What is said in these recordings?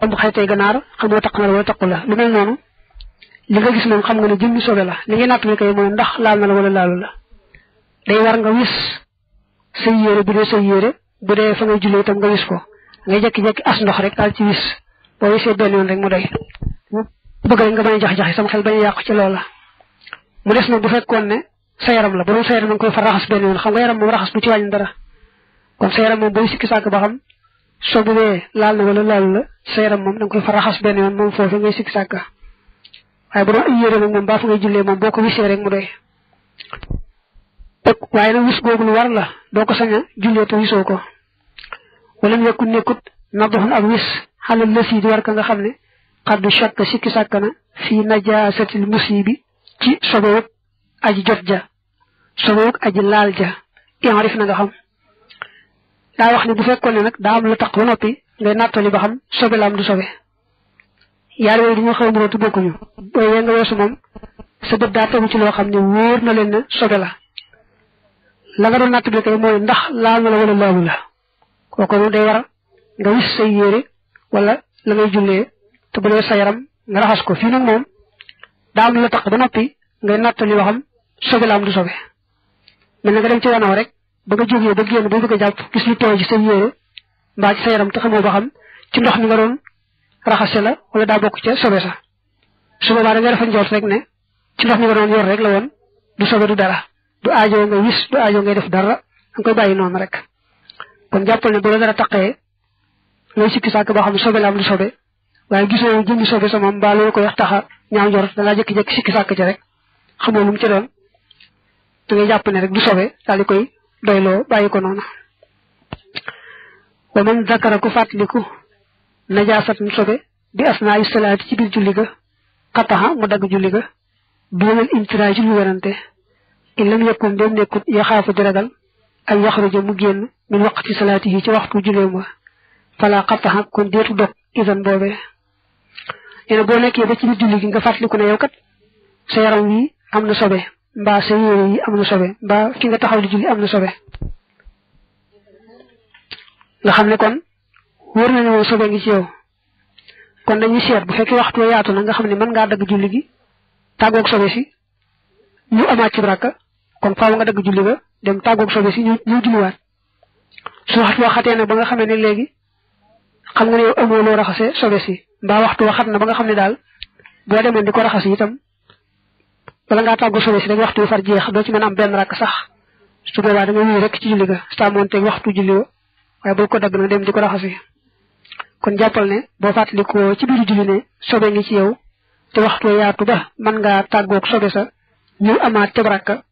kon bu xaytee ganaar xamoo taq na la wala taqu la lu mel noonu li nga gis moom xam nga ne jëmmi sobe la li ngay natt mi kay mooy ndax laal na la wala laalu la day war nga wis say yére bu dee say yére bu dee fa ngay nga wis ko ngay jekki-jekki as ndox rek daal ci wis boo wisee benn rek mu doy bëgg rek nga jax-jaxi sama xel bañ a yàqu ci loola mu des nag bu fekkoon ne sa yaram la bu doon sa yaram nga koy fa raxas benn yoon xam nga yaram moom raxas du ci wàññi dara kon sa yaram moom booy sikki sàkk ba xam soo bubee laal la wala laal la sa moom da nga koy fa raxas benn yoon moom foofu ngay sikk sàkka waaye bu doon ay moom baa fa ngay jullee moom boo ko wisee rek mu doy teg waaye nag wis googu lu war la doo ko sañ a jullee te wisoo ko wala nekkut nekkut nadoxun ak wis xalal lësii di war ka nga xam ne xaddu shakk sikki sàkk na fii najaasatil musibi ci sobewuk aji jot ja sobewuk aji laal ja irif na nga xam daa wax ne bu fekkoon ne nag daa am la tax ba noppi ngay nattali ba xam sobe la am du sobe yaar yooyu dañoo xaw a mënatu bokkuñu booy wee nga weesu moom xam ne wóor na leen ne la la nga doon natt bi kay ndax laal na la wala laalu la kooku noonu day war nga wis wala la ngay jullee te sa yaram nga raxas ko fii nag daa am lu tax ba noppi ngay nattali ba xam sobe la am du sobe mel nga dem ci wanaaw rek. ba nga jógee ba génn boo bëgg a jàpp gis lu tooy ci sa yére mbaa ci yaram te xamoo ba xam ci ndox mi nga doon raxase la wala daa bokk ca sobe sax su boobaa da ngay rek ne ci ndox mi nga rek la woon sobe dara du aajoo nga ngay def dara nga koy bàyyi noonu rek kon jàppal ne bu dara taqee looy sikki sàkk boo xam sobe la am du sobe waaye gisoo jëmmi sobe sa moom mbaa loolu ko wax taxa ñaaw njort da rek xamoo lu mu jàpp ne rek du sobe daal di koy doyloo bàyyi ko noonu wa man zakara ku fàttaliku najaasatun sobe bi asnaayu salaati ci biir julli ga xataxa mu dagg julli ga biinal imtiraa ci lu werante illam yakun dem nekkut yaxaafu di ragal ay yaxruja mu génn min waqti salaati yi ci waxtu julleem wa fala xataxa kon deetu dog isan boobee nee boo nekkee ba ci biir julli gi nga fàttaliku ne yow kat sa yaram wi am na sobe mbaa sa yére yi am na sobe mbaa fi nga taxaw di julli am na sobe nga xam ne kon wóor na ne moom sobe ngi ci kon dañuy seet bu fekkee waxtu yaatu na nga xam ne mën ngaa dagg julli gi tàggoog sobe si ñu amaat ci baraka kon faaw nga dagg julli ga dem tàggoog sobe si su waxtu wa xatee na ba nga xamee ne léegi xam nga ne yow amoo raxase sobe si mbaa waxtu wa xat na ba nga xam ne daal boo demoon di ko raxas itam bala ngaa tàggu solo si rek waxtu far jeex doo ci mën benn rakk sax su boobaa da nga wuyu rek ci julli ga sàmmoonte waxtu julli wa waaye bul ko dagg nag dem di ko raxasi kon jàppal ne boo fàttalikoo ci biir julli ne sobe ngi ci yow te waxtu yaatu ba mën ngaa tàggoog sobe sa ñëw amaat teb rakka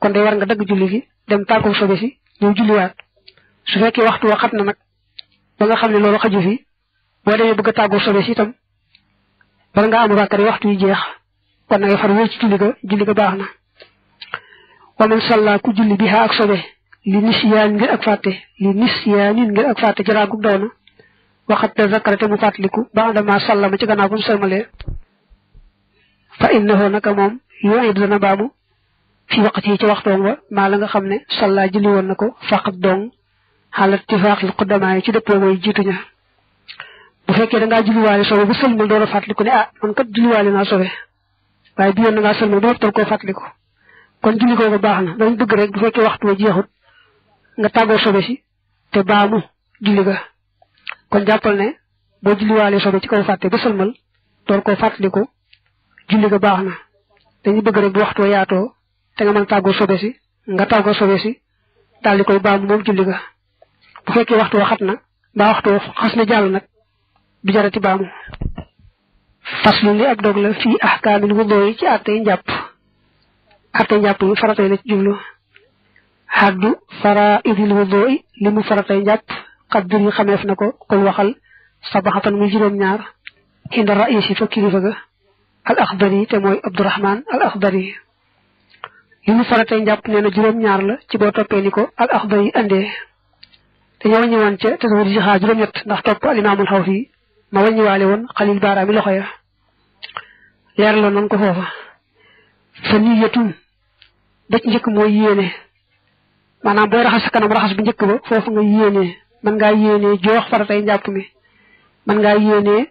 kon day war nga dagg julli gi dem tàggoog sobe si ñëw julliwaat su fekkee waxtu wa xat na nag ba nga xam ne loolu xaju fi boo demee bëgg a tàggoog si itam bala nga am rakka rek waxtu wi jeex kon na nga far wér ci julli ga julli ga baax na waman salla ku julli bi xaa ak sobe li nisyaan ngir ak fàtte li nisyaanin ngir ak fàtte jaraagub doona waxat te zakarate mu fàttaliku ba andama sallama ci gannaaw bu mu salmalee fa innahu naka moom yoo it dana baamu fi waqt wa maa la nga xam ne salla julli woon na ko faqat dong xalat tifaaxil xuddamaay ci dëppoo mooy jiituña bu fekkee da ngaa julliwaale sobe bu sëlmal door a fàttaliku ne ah man kat julliwaale naa sobe waaye bi yoon na boo sëlmal ba tal koo fàttaliku kon julli googu baax na dañ bëgg rek bu fekkee waxtu wa jeexut nga tàggoo sobe si te baamu julli ga kon jàppal ne boo julliwaalee sobe ci kaw fàtte ba sëlmal door koo fàttaliku julli ga baax na dañu bëgg rek bu waxtu wa yaatoo te nga mën tàggoo sobe si nga tàggoo sobe si daal di koy baamu moom julli ga bu fekkee waxtu wa xat na mbaa waxtu wa xas na jàll nag du jarati baamu faslu li ak dog la fii ahkaamil wudu yi ci àttey njàpp àttey njàpp yi faratay la ci jublu haddu faraidil wudu yi li mu faratay njàpp xaddir yi xameef na ko kul waxal sabaxatan muy juróom-ñaar inda raisi fa kilifa ga al axdari te mooy abdourahman al axdari li mu faratay njàpp nee juróom-ñaar la ci boo toppee ko al axdari andee te yow ñëwoon ca te di xaa juróom-ñett ndax topp alimaamul xaw fii ma wàññiwaale woon xalil baaraami loxo ya leeraloon nañ ko foofa fa niyatun ba ci njëkk mooy yéene maanaam booy raxas kanam raxas bu njëkk ba foofu nga yéenee mën ngaa yéenee joox faratay njàpp mi mën ngaa yéenee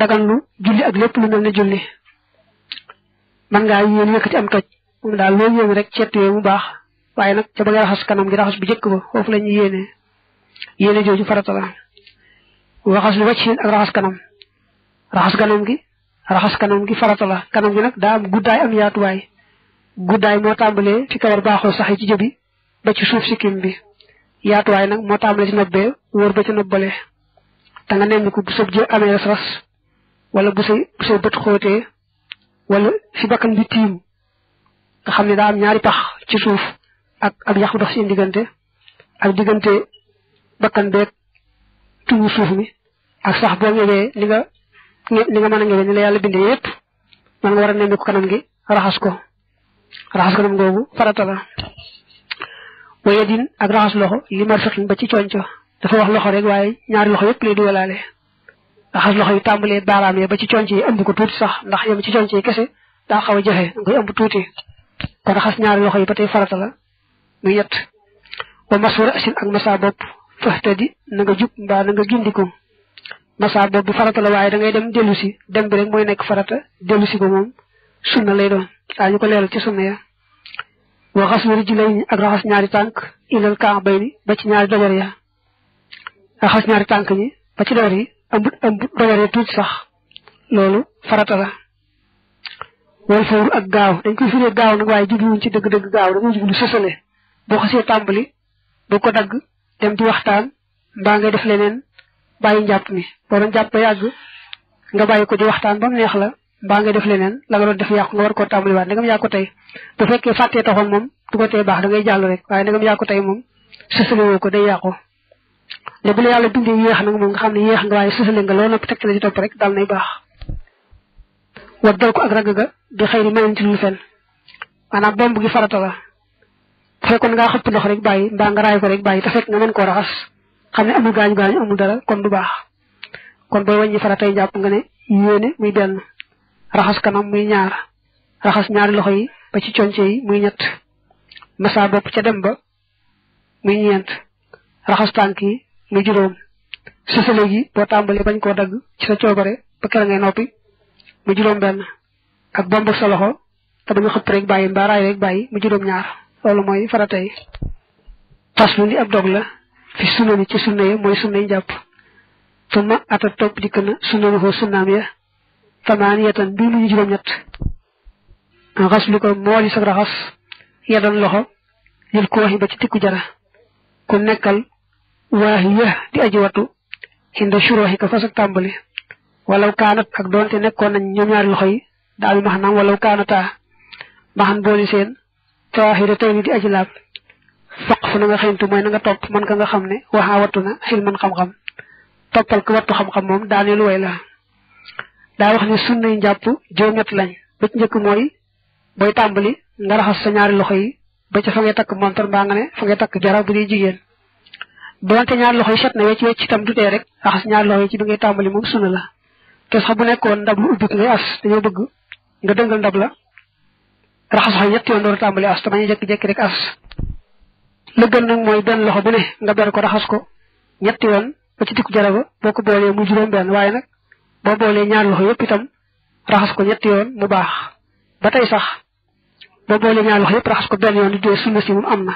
dagan lu julli ak lépp lu mel ne julli mën ngaa yéene yëkkati am toj moom daal loo yéene rek cet yooyu mu baax waaye nag ca ba nga raxas kanam gi raxas bu njëkk ba foofu la ñuy yéenee jooju farata la waxasul wàccin ak raxas kanam raxas kanam gi raxas kanam gi farata la kanam gi nag daa am guddaay am yaatuwaay guddaay moo tàmbalee fi kawar baaxoo sax ci jëbi ba ci suuf sikkim bi yaatuwaay nag moo tàmbalee ci nobbee wóor ba ci nobbale te nga nemmi ko bu sëb jë amee ras ras wala bu say bu say bët xóotee wala fi bakkan bi tiim nga xam ne daa am ñaari pax ci suuf ak ak yàq dox seen diggante ak diggante bakkan beeg tuur suuf mi ak sax boo ñëwee li nga li nga mën a ñëwee ni la yàlla bindee yépp man nga war a nemmi ko kanam gi raxas ko raxas kanam googu farata la waaye din ak raxas loxo li mar fexin ba ci conco dafa wax loxo rek waaye ñaari loxo yépp lay duwalaale raxas loxo yu tàmbalee baaraam yi ba ci conco yi ëmb ko tuuti sax ndax yem ci conco yi kese daa xaw a jafe nga koy ëmb tuuti kon raxas ñaari loxo yi ba tey farata la muy wa mas war a faxtadi naga nga jub mbaa na nga gindiku masaa boobu farata la waaye dangay dem dellu si dem bi rek mooy nekk farata dellu si ko moom sunna lay doon daa ñu ko leeral ci sunna ya wa xaslu rijlayni ak raxas ñaari tànk ilal ka'bayni ba ci ñaari dojor ñaari tànk ñi ba ci dojor yi ëmbut sax loolu farata la wal fawru ak gaaw dañ koy firee gaaw nag waaye jubluwuñ ci dëgg-dëgg gaaw da ngay jublu sësale boo xasee tàmbali boo ko dagg dem di waxtaan mbaa nga def leneen bàyyi njàpp mi boo doon jàpp yàgg nga bàyyi ko di waxtaan ba neex la mbaa nga def leneen la nga doon def yàqu nga war koo tàmbaliwaat ndegam yaa ko tey bu fekkee fàttee taxoon moom du ko tee baax dangay ngay jàll rek waaye ndegam yaa ko tey moom sësale woo ko day yàqu te bu la yàlla bindee yéex nag moom nga xam ne yéex nga waaye sësale nga loo nopp teg la ci topp rek dal nay baax waddal ko ak ragg ga bi xëy na mel ni ci lu fen maanaam bomb fekkoon ngaa xëpp ndox rek bàyyi mbaa nga raay ko rek bàyyi te fekk nga mën koo raxas xam ne amul gaañu gaañu amul dara kon du baax kon booy wàññi fara tey jàpp nga ne yéene muy benn raxas kanam muy ñaar raxas ñaari loxo yi ba ci conce yi muy ñett massa bopp ca dem ba muy ñeent raxas tànk yi muy juróom sësale gi boo tàmbalee bañ koo dagg ci sa coobare ba kera ngay noppi mu juróom benn ak bomb sa loxo te ba nga xëpp rek bàyyi mbaa raay rek bàyyi mu juróom ñaar loolu mooy farata yi faslu ni ab dog la fi sunna ci sunna ya mooy sunna yi njàpp suma ata topp dikk na sunna ni ko sunnaam ya tamaaniyatan du lu ñu juróom ñett raxas lu ko moo di sag raxas yadan loxo lil ko waxi ba ci tikku jara ku nekkal waax ya di aji wattu xinda surooxi ko fasak tàmbali walaw kaanat ak doonte nekkoon nañ ñoom ñaari loxo yi daal max naam walaw kaanataa maxan booli seen taahiratayni di aji laab faq na nga xëyntu mooy na nga topp man ka nga xam ne waxaa watu na xil man xam-xam toppal ko wattu xam-xam moom daaneel way la daa wax ne sunnay njàpp juróom-ñett lañ ba ci njëkk mooy booy tàmbali nga raxas sa ñaari loxo yi ba ca fa ngay takk montar mbaa nga ne fa ngay takk jara bu dee jigéen doonte ñaari loxo yi set na wecc wecc itam du tee rek raxas ñaari loxo yi ci bi ngay tàmbali moom sunna la te sax bu nekkoon ndab lu ubbit ngay as dañoo ndab la raxas xay ñetti yoon door tàmbali as gën nag mooy benn nga ber ko raxas ko ñetti yoon ba ci dikku ko boolee mu juróom waaye nag boo boolee ñaar loxo itam raxas ko ñetti yoon mu baax ba tey sax boo boolee ñaar loxo yëpp raxas ko benn yoon di dee sunna si am na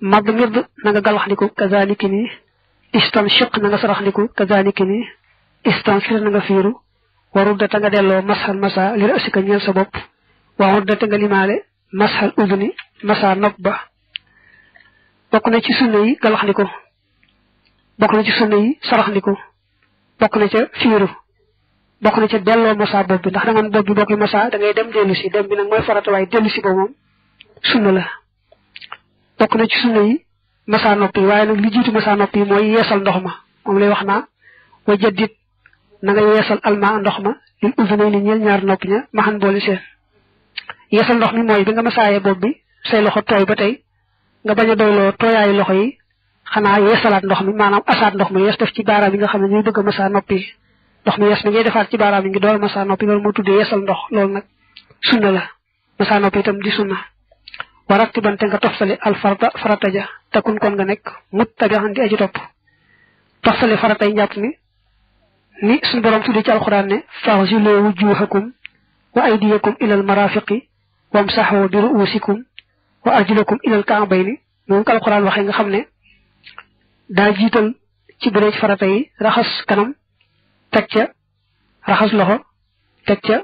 màgg mird na nga galaxndiku kazaniki ni istan shiq na nga saraxndiku kazaniki ni istan sir na nga fiiru waru data nga delloo masal masa li ra asika ñeel sa bopp waaw da te nga limaale masal udni masa nopp ba bokk na ci sunna yi galaxndiku bokk na ci sunna yi saraxndiku bokk na ca fiiru bokk na ca delloo masa bopp bi ndax da nga bopp bi boo koy masa da ngay dem dellu si dem bi nag mooy farata waaye dellu si boobu moom sunna la bokk na ci sunna yi masa nopp yi waaye nag li jiitu masa nopp yi mooy yeesal ndox ma moom lay wax naa wa jaddit na nga yeesal alma ndox ma lil udunay ni ñeel ñaar nopp ña maxan boole yeesal ndox mi mooy bi nga masaaye bopp bi say loxo tooy ba tey nga bañ a doyloo tooyaayu loxo yi xanaa yeesalaat ndox mi maanaam asaat ndox mi yees def ci baaraam yi nga xam ne ñuy bëgg a masaa noppi ndox mi yees mi ngay defaat ci baaraam yi ngi door a masaa noppi loolu moo tuddee yeesal ndox loolu nag sunna la masaa noppi itam di sunna warakti bante nga toftale al farata farata ja takun kon nga nekk mut tabi'an di aji topp toftale faratay njàpp mi ni suñu borom tuddee ci alxuraan ne faxsiloo wujuhakum wa aydiyakum ilal wamsahu bi ru'usikum wa arjulakum ilal ka'bayni noonu ko alxuraan waxee nga xam ne daa jiital ci bu dee farata yi raxas kanam teg ca raxas loxo teg ca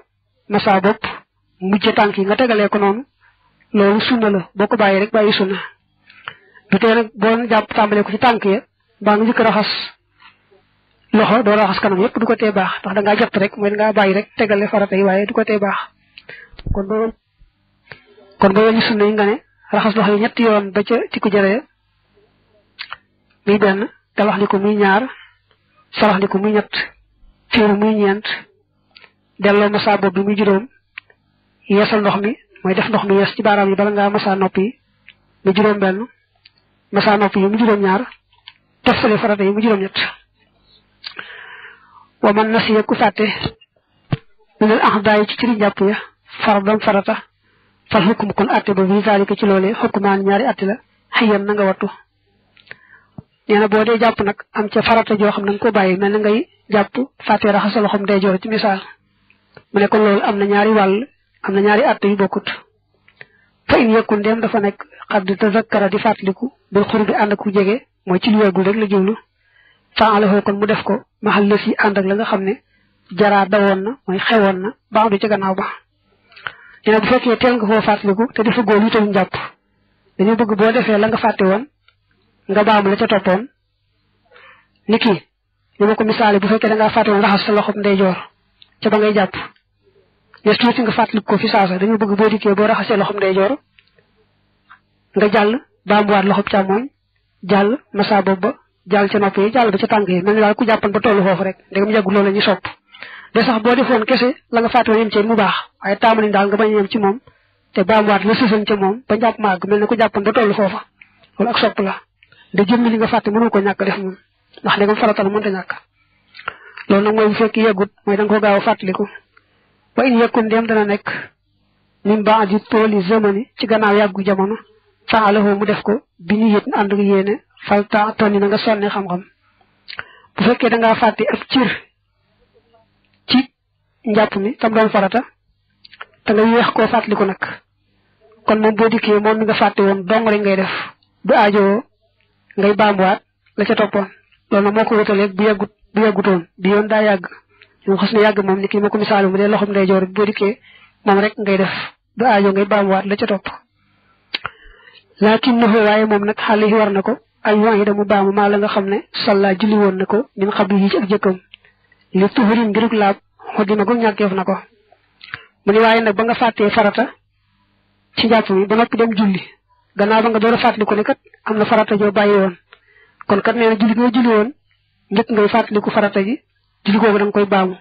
masaa bopp mujj tank yi nga tegalee ko noonu loolu sunna la boo ko bàyyi rek bàyyi sunna du tee nag boo jàpp tàmbalee ko ci tànk ya mbaa nga njëkk raxas loxo doo raxas kanam yépp du ko tee baax ndax da ngaa rek mooy da ngaa rek tegale farata yi waaye du ko tee baax kon ba weñu sunna yi nga ne raxas loxo yi ñetti yoon ba ca ci ku jëree muy benn dalax li ko ñaar sarax li ko muy ñett fiiru muy ñeent delloo masaa bopp bi muy juróom yeesal ndox mi mooy def ndox mi yees ci baaraam yi bala ngaa masaa nopp yi mu juróom benn masaa nopp yi mu juróom farata yi mu juróom ñett wa man nasiya ku fàtte minal ahdaay ci ciri njàpp ya fardam farata fal xukkum kon atte ba bi zalika ci loolee xukkumaan ñaari atte la xëyan na nga wattu nee na boo dee jàpp nag am ca farata joo xam na nga ko bàyyi mel na ngay jàpp fàtte raxas sa day joor ci misaal mu ne kon am na ñaari wàll am na ñaari atte yu bokkut fa in yëkkun dem dafa nekk xadd tazakkara di fàttaliku bil xur ànd ak ku jege mooy ci lu yàggul rek la jiwlu faalahu kon mu def ko maxal lës yi ànd ak la nga xam ne jaraa dawoon na mooy xewoon na baax du ca gannaaw ba nee na bu fekkee teel nga koo fàttaliku te dafa góor itam njàpp dañu bëgg boo defee la nga fàtte woon nga baamu la ca toppoon ni ki li ma ko misaale bu fekkee da ngaa fàtte woon raxas sa loxob ndeyjoor ca ba ngay jàpp nes tuuti nga fàttaliku ko fi saasa dañu bëgg boo dikkee boo raxasee loxob ndeyjoor nga jàll baamuwaat loxob càmmoñ jàll masa bopp ba jàll ca nopp yi jàll ba ca tànk yi mel daal ku jàppoon ba tollu foofu rek ndegam yàggul loolu la ñu sopp da sax boo defoon kese la nga fàttoo yem ci mu baax waaye taamu nañ daal nga bañ a yem ci moom te baamuwaat la sësan ca moom ba njàpp màgg mel ne ku jàppoon ba toll foofa loolu ak sopp la da jëmmi li nga fàtte mënu ko ñàkk def moom ndax léegam faratal mënta ñàkk loolu nag mooy bu fekk yeggut mooy da nga ko gaaw a fàttaliku ba in yekkun dem dana nekk min ba ji tooli zamani ci gannaaw yàggu jamono faalahu mu def ko bi ñu yét ànd ak yéene falta tonni na nga sonne xam bu fekkee da ngaa fàtte ab cir njàpp mi tam doon farata te nga ko koo fàttaliku nag kon moom boo dikkee moom ni nga fàtte woon dong rek ngay def du aajowoo ngay baamuwaat la ca toppoon loolu nag ko wutaleeg bu yàggut bu yàggutoon bi yoon yàgg ñu xas ne yàgg moom ni misaal mu dee loxoom day joor boo dikkee moom rek ngay def du ngay baamuwaat la ca topp laakin naxu waaye moom nag xale yi war na ko ay wan yi damu baamu maa la nga xam ne salla julli woon na ko min xabli yi ci ak jëkkam li tuxurin ngiruk laab dina gum ñàkkeef na ko mu ni waaye nag ba nga fàttee farata ci njàpp mi ba noppi dem julli gannaaw ba nga door a ko ne kat am na farata joo bàyyi woon kon kat ne na julli ngay julli woon njëkk ngay fàttaliku farata ji julli googu da nga koy baamu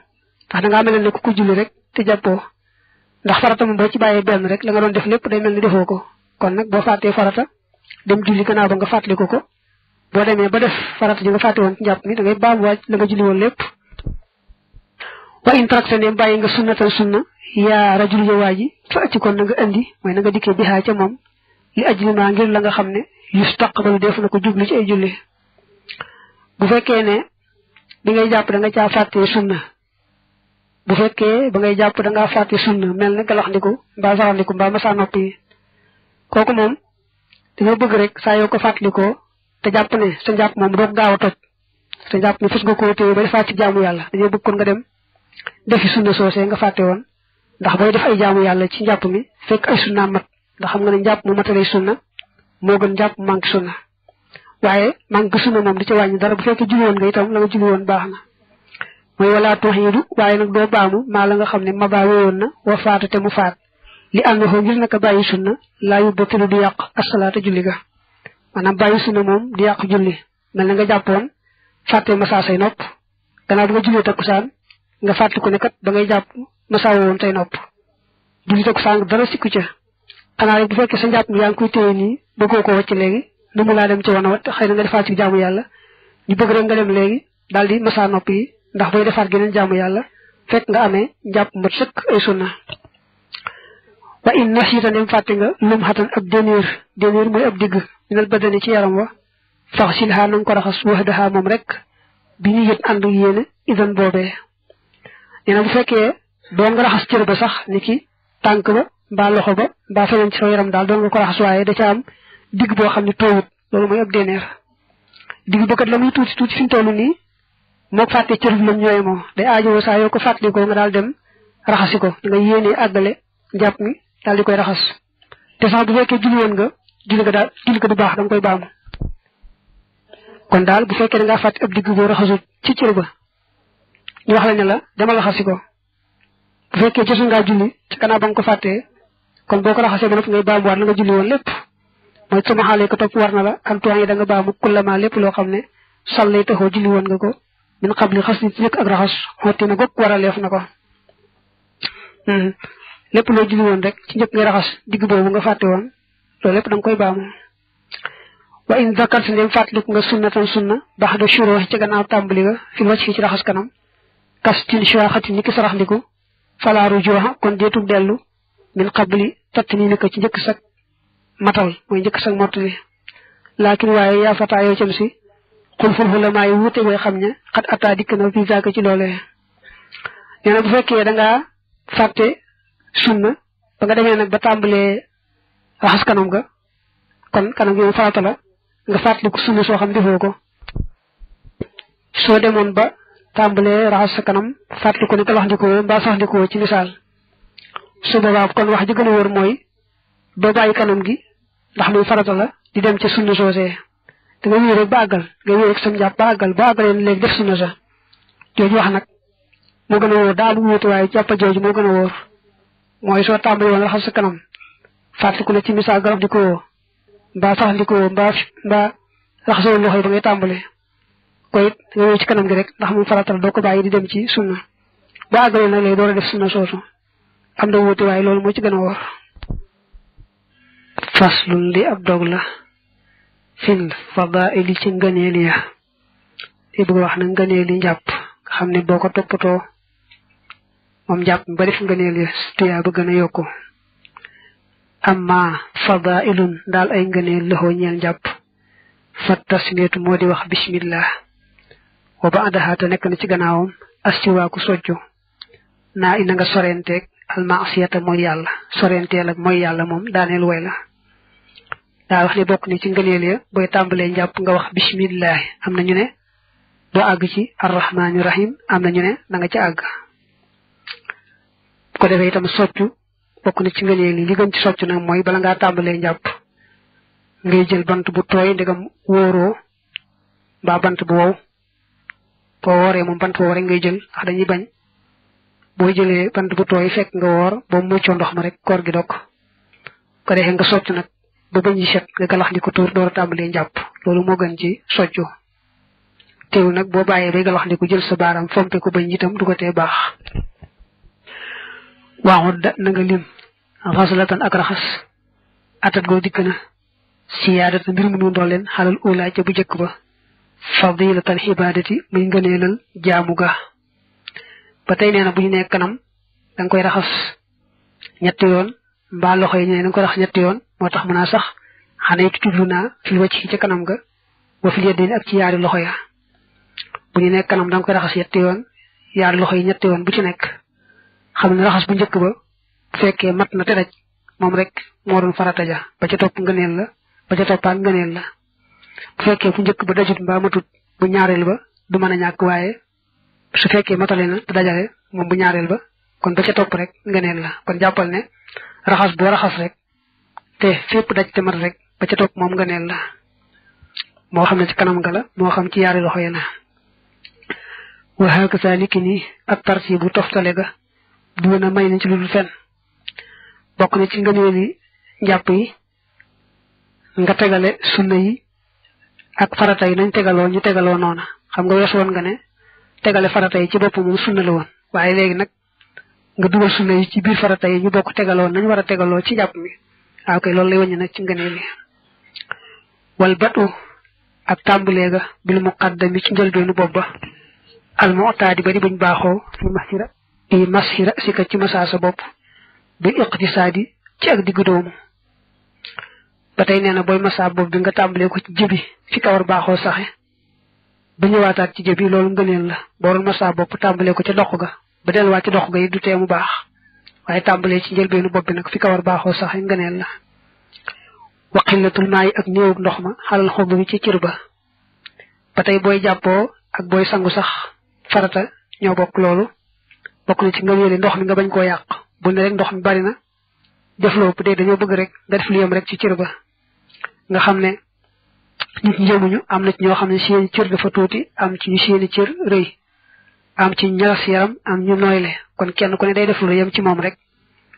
ndax da ngaa mel ne ku ko julli rek te jàppoo ndax farata moom boo ci benn rek la nga doon def lépp day mel ni defoo ko kon nag boo fàttee farata dem julli gannaaw ba nga fàttaliku ko ko boo demee ba def farata ji nga fàtte woon ci njàpp mi da ngay baamuwaat la julli woon lépp fa in tarak sendéem bàyyi nga sunnatan sunna yaa rajul yowaa ji fa ci na nga indi mooy na nga dikkee bi xaa ca moom li ajli maa ngir la nga xam ne yustaqbalu def na ko jublu ci ay julli bu fekkee ne bi ngay jàpp da nga caa fàtte sunna bu fekkee ba ngay jàpp da ngaa fàtte mel na galaxndiku mbaa saxandiku mbaa masaa noppi kooku moom danga bëgg rek saa yoo ko te jàpp ne sa njàpp moom doo gaaw a toj sa njàpp ne fës nga koo téye ba defaat ci jaamu yàlla dañoo bëgg kon nga dem defi sunna soosee nga fàtte woon ndax booy def ay jaamu yàlla ci njàpp mi fekk ay sunna mat ndax xam nga ne njàpp mu matalay sunna moo gën njàpp manque sunna waaye manque sunna moom di ca wàññi dara bu fekkee julli woon nga itam la nga julli woon baax na mooy walaa tuxiidu waaye nag doo baamu maa la nga xam ne mabaa woon na wa faata te mu faat li ànd xoo ngir naka bàyyi sunna laa yubbatilu du yàq asalaata julli ga maanaam bàyyi sunna moom di yàq julli mel na nga jàppoon fàtte masaa say nopp gannaaw bi nga jullee takkusaan nga fàttali ko ne kat ba ngay jàpp masaawo woon tey nopp julli toog sàng dara sikku ca xanaa rek bu fekkee sa njàpp mi yaa ngi koy téye nii bëggoo koo wàcc léegi nu mu laa dem ci wan a wat xëy na jaamu yàlla ñu bëgg rek nga dem léegi daal di masaa nopp yi ndax booy defaat geneen jaamu yàlla fekk nga amee njàpp mat sëkk ay na wa in nas yi tandem fàtte nga lum xatan ab déniir déniir ci yaram wa fax silhaa nanga ko raxas wax dahaa moom rek bi ñu yët ànd yéene nee bu fekkee doon nga raxas cër ba sax ni ki tànk ba mbaa loxo ba mbaa feneen ci sa yaram daal doon nga ko raxas waaye da ca am digg boo xam ne toowut loolu mooy ab déneer digg ba kat la muy tuuti tuuti fi mu toll nii moog fàtte cër bi moom ñooy moom day aajowoo saa yoo ko fàttali ko nga daal dem raxasi ko da nga yéenee àggale njàpp mi daal di koy raxas te sax bu fekkee julli nga julli ko daal julli nga du baax da koy baamu kon daal bu fekkee da ngaa fàtte ab digg boo ci cër ba ñu wax la ne la demal ko bu fekkee jësu ngaa julli ci gannaaw ba nga ko fàttee kon boo ko raxasee ba noppi ngay baamuwaat la nga julli woon lépp mooy sama ko topp war na la am tuwaay da nga baamu kullama lépp loo xam ne sàllay taxoo julli woon nga ko min xabli xas ni ci njëkk ak raxas xotti na gog war leef na ko hmm. lépp loo woon rek ci njëkk ngay raxas digg nga fàtte woon loolu lépp da nga koy baamu wa in dakar si ndem fàttaliku nga sunna na sunna baax da shuroo ci gannaaw tàmbali nga fil ci raxas kanam kastil sooxati ni ki saraxndiku falaaru jooxa kon deetul dellu min xabli tatt nii naka ci njëkk sag matal mooy njëkk sag mottali laakin waaye yaa fataa yoo cam si xul ful xulamaa yi wuute ñooy xam ne xat ataa dikk na fi zaaka ci loolee nee na bu fekkee da ngaa fàtte sunna ba nga demee nag ba tàmbalee raxas kanam ga kon kanam gi moom farata la nga fàttaliku sunna soo xam defoo ko soo demoon ba tàmbalee raxas sa kanam fàttaliku ne talaxndikoo sax saxndikoo ci misaal su boobaa kon wax ji gën a wóor mooy doo bàyyi kanam gi ndax muy farata la di dem ca sunna soosee da nga wéy rek ba àggal nga wéy rek sam jàpp ba àggal boo àggalee léegi def sunna sa jooju wax nag moo gën a wóor daa bu wóotu waaye jàppa jooju moo gën a wóor mooy soo tàmbalee woon raxas sa kanam fàttaliku ne ci misaal garab di ko mbaa sax di ko mbaa mbaa raxasoo loxo yi ba ngay tàmbalee ko it kanam gi rek ndax moom faratal doo ko bàyyi di dem ci sunna boo àggalee nag lay door a def sunna soosu am na wuute waaye loolu moo ci gën a war li ab dog la fil fadaili ci ya li bëgg wax na ngëneel yi njàpp nga xam ne boo ko toppatoo moom njàpp ba def ngëneel ya ba gën a yokku amma fadailun daal ay ngëneel loxoo ñeel njàpp fa tasmiyatu moo di wax bismillah wa ba àndaxaata nekk na ci gannaawam astiwaaku sojju naa ina nga sorenteeg almasiyata mooy yàlla sorenteel ak mooy yàlla moom daaneel way la daa wax ne bokk ne ci ngëneel ya booy tàmbalee njàpp nga wax bisimillahi am na ñu ne doo àgg ci arrahmaani na ñu ne ci àgg ko defee tam soccu bokk na ci ngëneel yi li gën ci soccu nag mooy bala nga tàmbalee njàpp ngay jël bant bu tooy ndegam wóoroo mbaa bant bu wow boo wooree moom bant boobu rek ngay jël ndax dañuy bañ boo jëlee bant bu tooy fekk nga woor boo muccoo ndox ma rek koor gi dog ko defee nga nag ba bañ ji set nga galax ndiko tuur door a gën ci soccu teew nag boo bàyyee bay galax ko jël sa baaraam fompe ko bañ itam du ko tee baax waaxut da na nga lim xaslatan ak raxas atat goo dikk na siyaadata mbir mu nu ndooleen xalal ulaaj ca bu jëkk ba fadilatal ibadati muy ngëneelal jaamu ga ba tey nee na bu ñu nee kanam danga koy raxas ñetti yoon mbaa loxo yi ñu ne da nga koy raxas ñetti yoon moo tax mën naa sax xanaa it jublu naa fil wàcc ci kanam ga wa fil yeddi ak ci yaari loxo ya bu ñu nee kanam da nga koy raxas ñetti yoon yaari loxo yi ñetti yoon bu ci nekk xam ne raxas bu njëkk ba bu fekkee mat na te daj moom rek moo doon farata ja ba ca topp ngëneel la ba ca toppaat ngëneel la. bu fekkee bu njëkk ba dajut mbaa matut bu ñaareel ba du mën a ñàkk waaye su fekkee matale na dajale moom bu ñaareel ba kon ba ca topp rek ngeneen la kon jàppal ne raxas boo raxas rek te fépp daj te mat rek ba ca topp moom ngeneen la moo xam ne ci kanam nga la moo xam ci yaari loxo yi na waxaaka saa likki ni ak bu toftale ga du na may na ci lu bokk na ci nga njàpp yi nga tegale sunna yi ak farata yi nañ tegaloo ñu tegaloo noona xam nga wees woon nga ne tegale farata yi ci bopp moom sunna waaye léegi nag nga dugal sunna yi ci biir farata yi ñu bokk tegaloo nañ war a tegaloo ci jàpp mi ah, loolu lay wàññi nag ci ngëneel yi wal batu ak tàmbalee ga bil muqaddami ci njëlbeenu bopp ba al mu'taadi ba di buñ baaxoo fi masira i masira si ka ci masaa sa bopp bi iqtisaadi ci ak diggu doomu ba tey nee na booy masaa bopp bi nga tàmbalee ko ci jëbi fi kawar baaxoo saxe ba ñëwaataat ci bi loolu ngëneel la booroon masa bopp tàmbalee ko ca dox ga ba delluwaat ci dox ga yi du tee mu baax waaye tàmbalee ci njëlbeenu bopp bi nag fi kawar baaxoo saxe ngëneel la waxilatul maa yi ak néewub ndox ma xalal xob bi ci cër ba ba tey booy jàppoo ak booy sangu sax farata ñoo bokk loolu bokk na ci nga yéene ndox mi nga bañ koo yàq bu ne rek ndox mi bari na def loo bu dee dañoo bëgg rek nga def lu yem rek ci cër ba nga xam ne nit ñi am na ñoo xam ne seeni cër dafa tuuti am ci ñu seeni cër rëy am ci ñagas yaram am ñu nooyle kon kenn ku ne day def lu ci moom rek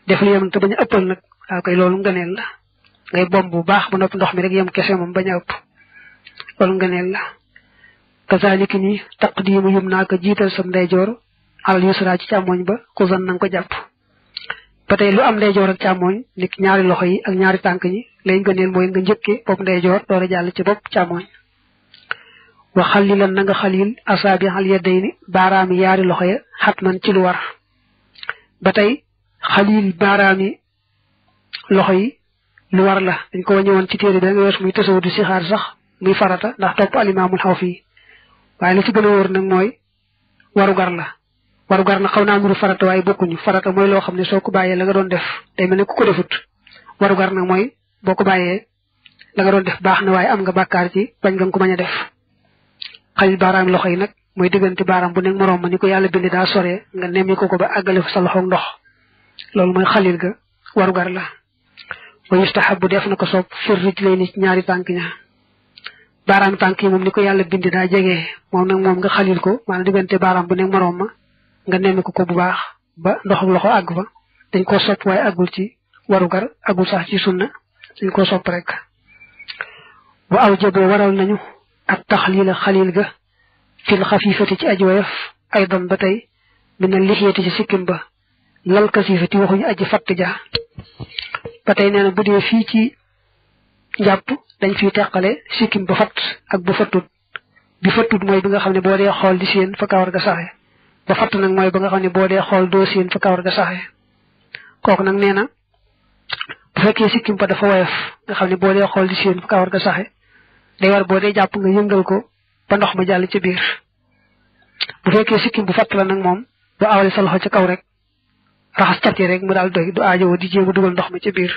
def lu yem te bañ nag waaw loolu ngëneel la ngay bomb bu baax ba nopp ndox mi rek yem kese moom bañ a ëpp loolu ngëneel la kazaliki ni taqdimu yum naa ko jiital sam ndeyjoor alal yusra ci càmmoñ ba kusan na ko jàpp ba tey lu am ndeyjoor ak càmmooñ niki ñaari loxo yi ak ñaari tànk yi lay ngëneel mooy nga njëkke bopp ndeyjoor door a jàll ci bopp càmmooñ wa xalilan na nga xalil asaabi al yadayni baaraami yaari loxo ya xatman ci lu war ba tey xalil baaraami loxo yi lu war la dañ ko ñëwoon ci téere bi nga wees muy tasawudu si xaar sax muy farata ndax topp alimaamul xaw fii waaye lu ci gën a nag mooy warugar la warugar na xaw naa muru farata waaye bokkuñu farata mooy loo xam ne soo ko bàyyee la nga doon def day mel ne ku ko defut warugar nag mooy boo ko bàyyee la nga doon def baax na waaye am nga bàkkaar ci bañ nga ko mañ a def xalit baaraam loxo yi nag mooy diggante baaraam bu nekk moroom ma ni ko yàlla bindi daa sore nga nemmi ko ko ba àggale fa sa loxo ndox loolu mooy xalil ga warugar la wa bu def na ko soob fir rij lay ni ñaari tànk ña baaraam tànk yi moom ni ko yàlla bindi daa jege moom nag moom nga xalil ko maanaam diggante baaraam bu nekk moroom ma nga nemmiku ko bu baax ba ndoxam loxo àgg fa dañ koo sopp waaye àggul ci warugar àggul sax ci sunna dañ koo sopp rek wa aw jaboo waral nañu ak tax taxliila xaliil ga fil xafiifati ci aji woyof aydan ba tey mina lixiyati ci sikkim ba lal kasiifati waxuñu aji fatt ja ba tey nee na bu dee fii ci njàpp dañ fiy teqale sikkim ba fatt ak bu fattut bi fattut mooy bi nga xam ne boo dee xool di seen fa kawar ga saxe ba fatt nag mooy ba nga xam ne boo dee xool doo séen fa kawar ga saxee kooku nag nee na bu fekkee sikkim ba dafa woyof nga xam ne boo dee xool di séen fa kawar ga saxe day war boo dee jàpp nga yëngal ko ba ndox ma jàll ca biir bu fekkee sikkim bu fatt la nag moom bu awale sa loxo ca kaw rek raxas cat yi rek mu daal doy du aajowoo di jéem dugal ndox ma ca biir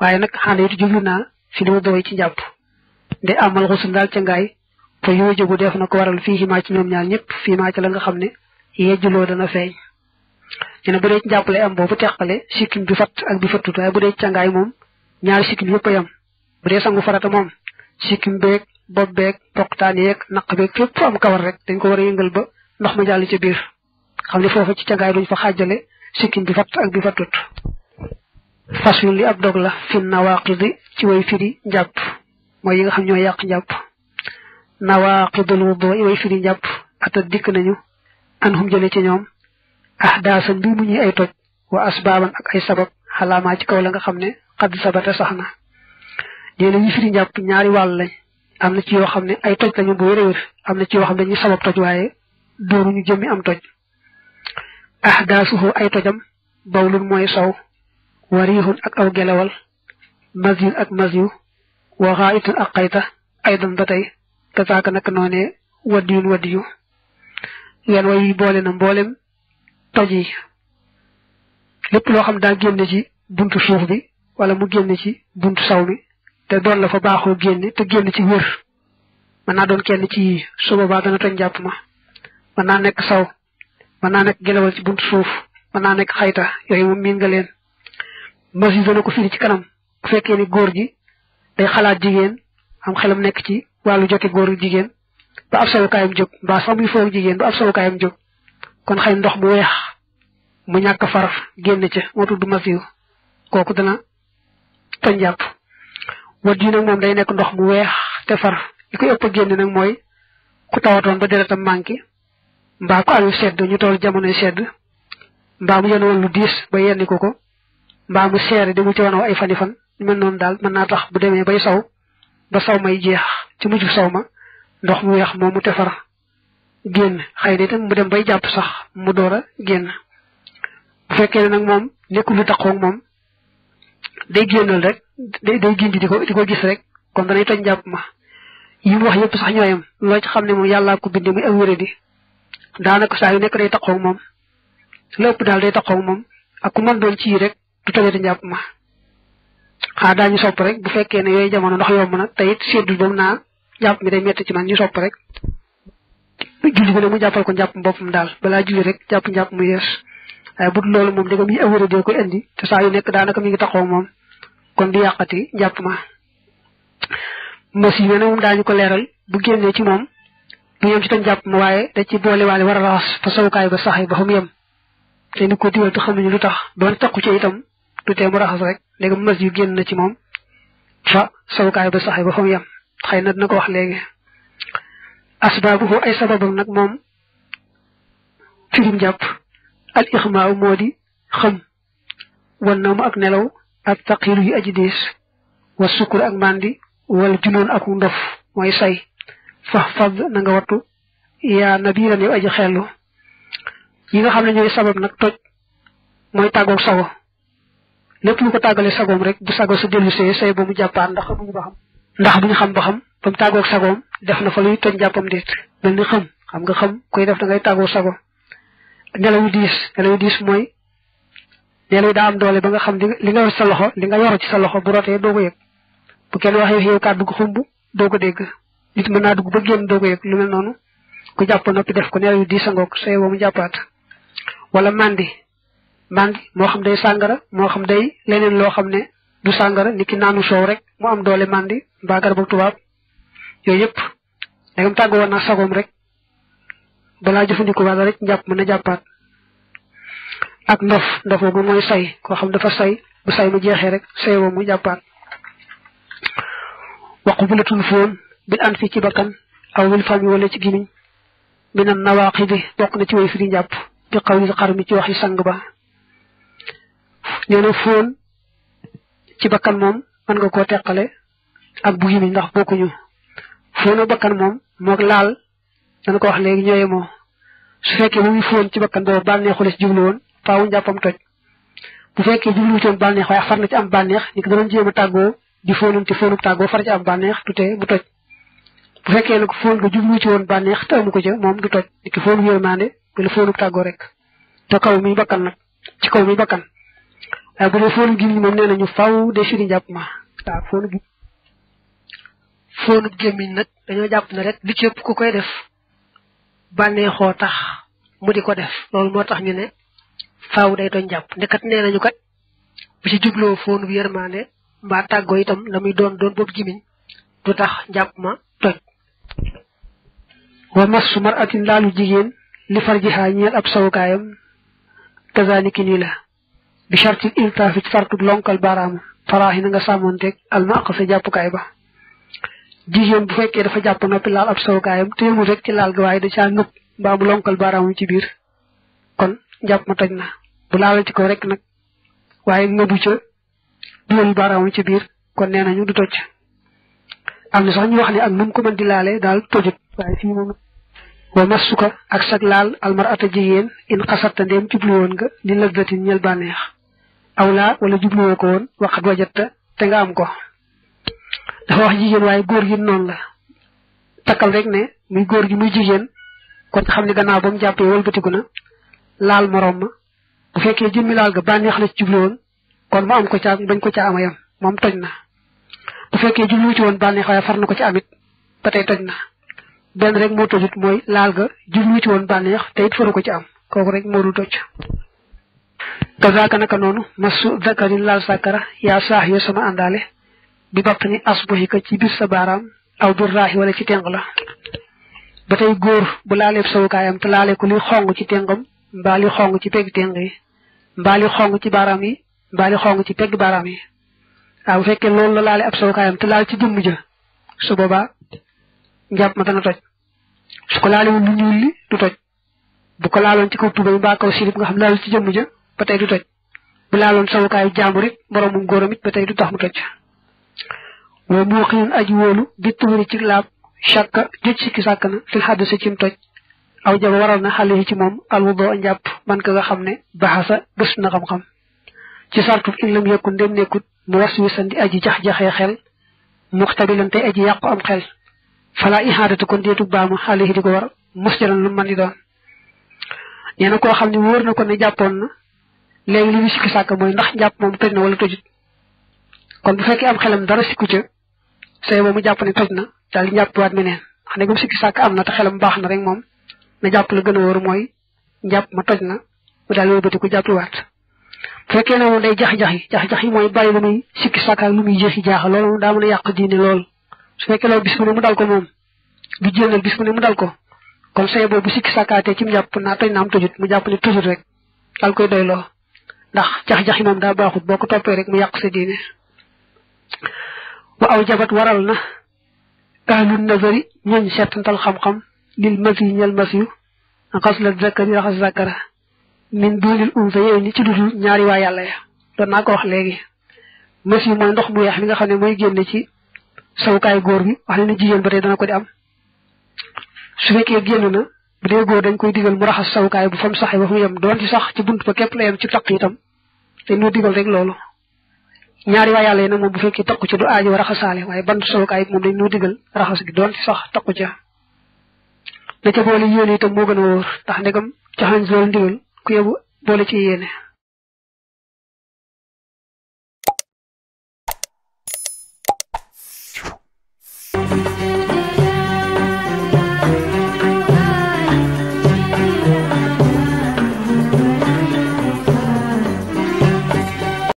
waaye nag xaana it jublu naa fi li ma doy ci njàpp nde amal xusul daal ca ngaay fa yoo jógu def na ko waral fii maa ci ñoom ñaar ñëpp fii maa ci la nga xam ne yejjuloo dana feeñ ñu ne bu dee ci njàppale am boobu teqale sikkim bi fatt ak bi fattut waaye bu dee ci càngaay moom ñaari sikkim yëpp a yam bu dee sangu farata moom sikkim beeg bopp beeg poqtaan yeeg naq beeg fépp fu am kawar rek dañ ko war a yëngal ba ndox ma jàll ci biir xam ne foofu ci càngaay duñ fa xaajale sikkim bi fatt ak bi fattut fasul li ab dog la fin nawaqidi ci way firi njàpp mooy yi nga xam ñoo yàq njàpp nawaqidul wudu way firi njàpp ata dikk nañu anhum jële ci ñoom ahdaasan mbi ñuy ay toj wa asbaaban ak ay sabab xalaamaa ci kaw la nga xam ne xadd sabata sax na nee na njàpp ñaari wàll lañ am na ci yoo xam ne ay toj lañu bu wér wér am na ci yoo xam ne dañuy sabab toj waaye dooru ñu jëmmi am toj ahdaasuhu ay tojam bawlun mooy saw wariixun ak aw gelawal mazyun ak mazyu wa xaayitun ak xayta aydan ba tey kasaaka nag noonee waddiyun waddiyu yan way boole na mboolem toj yi lépp loo xam daa génne ci bunt suuf bi wala mu génne ci bunt saw mi te doon la fa baaxoo génne te génn ci wër mën naa doon kenn ci su boobaa dana toñ jàpp ma mën naa nekk saw mën naa nekk gelawal ci buntu suuf mën naa nekk xayta yooyu moom miin nga leen masi dana ko firi ci kanam bu fekkee ni góor gi day xalaat jigéen am xelam nekk ci wàllu jote góor jigéen ba ab sawukaayam jóg mbaa fa muy foog jigéen ba ab sawukaayam jóg kon xëy ndox mu weex mu ñàkk far génn ca moo tudd masiw kooku dana tañ jàpp wat yi nag moom day nekk ndox mu weex te far ki koy ëpp génn nag mooy ku tawatoon ba deretam manqué mbaa ko amee sedd ñu toll jamonoy sedd mbaa mu yenn woon lu diis ba yenni ko ko mbaa mu seere di mu ci wanaw ay fani fan mel noonu daal mën naa tax bu demee bay saw ba saw may jeex ci mujj saw ma ndox mu weex moom mu tefar génn xëy na itam mu dem bay jàpp sax mu door a génn bu fekkee ne nag moom nekkul lu taxaw moom day génnal rek day day di ko di ko gis rek kon danay toj njàpp ma yi mu wax yëpp sax loo xam ne moom yàllaa ko bindee muy awuré di daanaka saa yu nekk day taxaw moom lépp daal day taxaw moom ak ku mën doon ci rek du tojati jàpp ma xaa daañu sopp rek bu fekkee ne yooyu jamono ndox yomb na te it séddul boobu naa. jàpp mi day metti ci man ñu sopp rek julli bi nag mu jàppal ko jàpp njàpp boppam daal balaa julli rek jàpp njàpp mu yees waaye bu loolu moom dëgg mi awéra dee koy indi te saa yu nekk daanaka mi ngi taxaw moom kon di yàqati jàpp ma masi me ne moom daañu ko leeral bu génnee ci moom bu yem ci tam jàpp ma waaye da ci boole waale war a raxas fa sawukaay ba saxee ba fa mu yem te ni ko diwal te xamuñu tax doon taqu ci itam du tee mu raxas rek léegi mas yu génn na ci moom fa sawukaay ba saxee ba fa xëy na dina ko wax léegi asbaabuhu ay sababam nag moom firim jàpp al ixmaaw moo di xam wan na mu ak nelaw ak taqiiru yu aji diis wa sukkur ak màndi wala junoon aku ndof mooy say fax fad na nga wattu yaa nabiran yow aji xellu yi nga xam ne ñooy sabab nag toj mooy tàggoog sago lépp lu ko tàggale sagoom rek bu sago sa dellu see say ba mu ndax xamuñu ba xam ndax duñ xam ba xam ba mu tàggoog sagoom def na fa luy toj jàppam déet mel ni xam xam nga xam koy def da ngay tàggoo sago nelawu diis nelawu diis mooy nelaw daa am doole ba nga xam di nga sa loxo li nga yor ci sa loxo bu rotee doo ko yëg bu kenn waxee yow kàddu gu xumb doo ko dégg nit mën naa dugg ba génn doo lu mel noonu ku jàpp noppi def ko nelawu diis a ngoog sooy woo mu jàppaat wala mandi mandi moo xam day sàngara moo xam day leneen loo xam ne du sàngara niki naanu soow rek mu am doole màndi mbaa garab ak tubaab yooyu yëpp dangam tàgg woon naa sagoom rek balaa jëfandikoo wàlla rek njàpp mën na jàppaat ak ndof ndof boobu say koo xam dafa say bu say mu jeexee rek say woo mu jàppaat waqu bu la tun foon bil an fii ci bakkan aw wil fami wala ci gimiñ minan nawaaqi bi bokk na ci way firi njàpp bi xawli xar mi ci waxi sang ba nee foon ci bakkan moom mën nga koo teqale ak bu yi ndax bokkuñu fóonu bakkan moom mook laal dana ko wax léegi ñooye moo su fekkee bu muy fóon ci bakkan boobu bànneexu la ci jublu woon faawu njàppam toj bu fekkee jubluwutoon bànneex waaye far na ci am bànneex ni ko danoon bu a tàggoo di fóonante fóonu tàggoo far ci am bànneex tutee bu toj bu fekkee nag fóon nga jublu ci woon bànneex te amu ko ca moom du toj ni ki fóonu yërmande wala fóonu tàggoo rek te kaw mi bakkan nag ci kaw mi bakkan waaye ah, bu dee foonu gémmiñ moom nee nañu faw de firi njàpp ma waaw foonu bu foonu nag dañoo jàpp ne rek li ci ëpp ku koy def bànneexoo tax mu di ko def loolu moo tax ñu ne faaw day doon jàpp ndekat nee nañu kat bu ci jubloo foonu bu yërmaande mbaa tàggoo itam la muy doon doon boobu gémmiñ du tax njàpp ma toj wa mas su mar atin laalu jigéen li far jixaa ñeel ab sawukaayam kazaniki la bi sharti iltaafi ci sartu lonkal baaraamu faraaxi na nga sàmmonteeg almaq sa jàppukaay ba jigéen bu fekkee dafa jàpp noppi ab sowkaayam te yëmul rek ci laal ga waaye da caa mu ci biir kon jàpp ma toj na bu ko rek nag waaye ngëbu ca dugal baaraamu ci biir kon nee na ñu wax ne ak nu mu ko mën di laalee daal tojut waaye fii moom wa massuka ak sag laal almarata jigéen in xasarta ndéem nga li lëbdatin ñel bànneex aw laa wala jubluwoo ko woon waxat wajatta te nga am ko dafa wax jigéen waaye góor gi noonu la takkal rek ne muy góor gi muy jigéen kon xam ne gannaaw ba mu jàppee na laal moroom ma bu fekkee jëmmi laal ga bànneex la ci jublu woon kon mu am ko caa bañ ko caa ama yam moom toj na bu fekkee jublu ci woon bànneex waaye far na ko ci amit ba tey toj na benn rek moo tojut mooy laal ga jublu ci woon bànneex te it faru ko ci am kooku rek moo dul toj kazaaka naka noonu masu dakarin laal sàkkara yaa saax yoo sama àndaale bi bapt ni asbuhika ci bis sa baaraam aw du raaxi wala ci teng la ba tey góor bu laalee sawukaayam te laale ko ci tengam mbaa li xong ci pegg teng yi mbaa li xong ci baaraam yi mbaa xong ci pegg baaraam yi waaw bu la laale ab sawukaayam te laal ci jëmm ja su booba njàpp ma dana toj su ko laale woon lu ñuul li du toj bu ko laaloon ci kaw tubay mbaa kaw silib nga xam laalu ci jëmm ja ba tey du toj bu laaloon sawukaayu jàmbur it boroomu góoram it ba tey du tax mu toj wa muuqinun aji wóolu bi tuuri ci laab chàkka joj sikki sàkk na fil xaddisa cim toj aw jaba waral ci moom alwudo njàpp man ka nga xam ne baxasa bés na xam-xam ci sartub in lam yëkkun ndem nekkut mu was a sandi aji jax-jaxee xel muxtabilan tey aji yàqu am xel fala ihaadatu kon déetu baama xale yi ko war mos jaran lu mën di doon nee koo xam ne wóor na ko ne jàppoon léegi li ñu sikki mooy ndax njàpp moom toj na wala tojut kon bu fekkee am xelam dara sikku ca say moomu jàpp ne toj na daal di njàppiwaat meneen ne gum sikki sàkk am na te xelam baax na rek moom na jàpp la gën a wóor mooy njàpp ma toj na mu daal wëlbati ko jàppiwaat bu fekkee ne day jax-jaxi jax-jaxi mooy bari lu muy sikki sàkk muy jeexi jaaxa loolu daa mën yàq diine lool su fekkee loolu bis dal ko moom du jénnal bis mu mu dal ko kon say boobu sikki sàkkaatee ci mu naa toj na am tojut mu jàpp ne tojut rek daal koy doyloo ndax jax-jax yi moom daa baaxut boo ko toppee rek mu yàq sa diine wa aw jabat waral na ahlul nazari ñooñ settantal xam-xam lil masi ñel masiyu xasla zakari raxas zakara min dunil unsa yooyu ni ci dudul ñaari waa yàlla ya doon naa ko wax léegi masiyu mooy ndox mu weex mi nga xam ne mooy génne ci sawukaay góor gi wax ne na jigéen ba tey dana ko di am su fekkee génn na bu dee dañ koy digal mu raxas sawukaay bu fa mu saxee ba fa mu yem doon ci sax bunt ba képp la yem ci toq itam te ñoo digal rek loolu ñaari waa yàlla yi nag moom bu fekkee takku ca du aajo raxasaale waaye bant sawukaay moom dañ ñoo digal raxas gi doon ci sax takku ca na ca boole yéene itam moo gën a wóor ndax ndegam joxañ loolu ndigal ku yebu boole ci yéene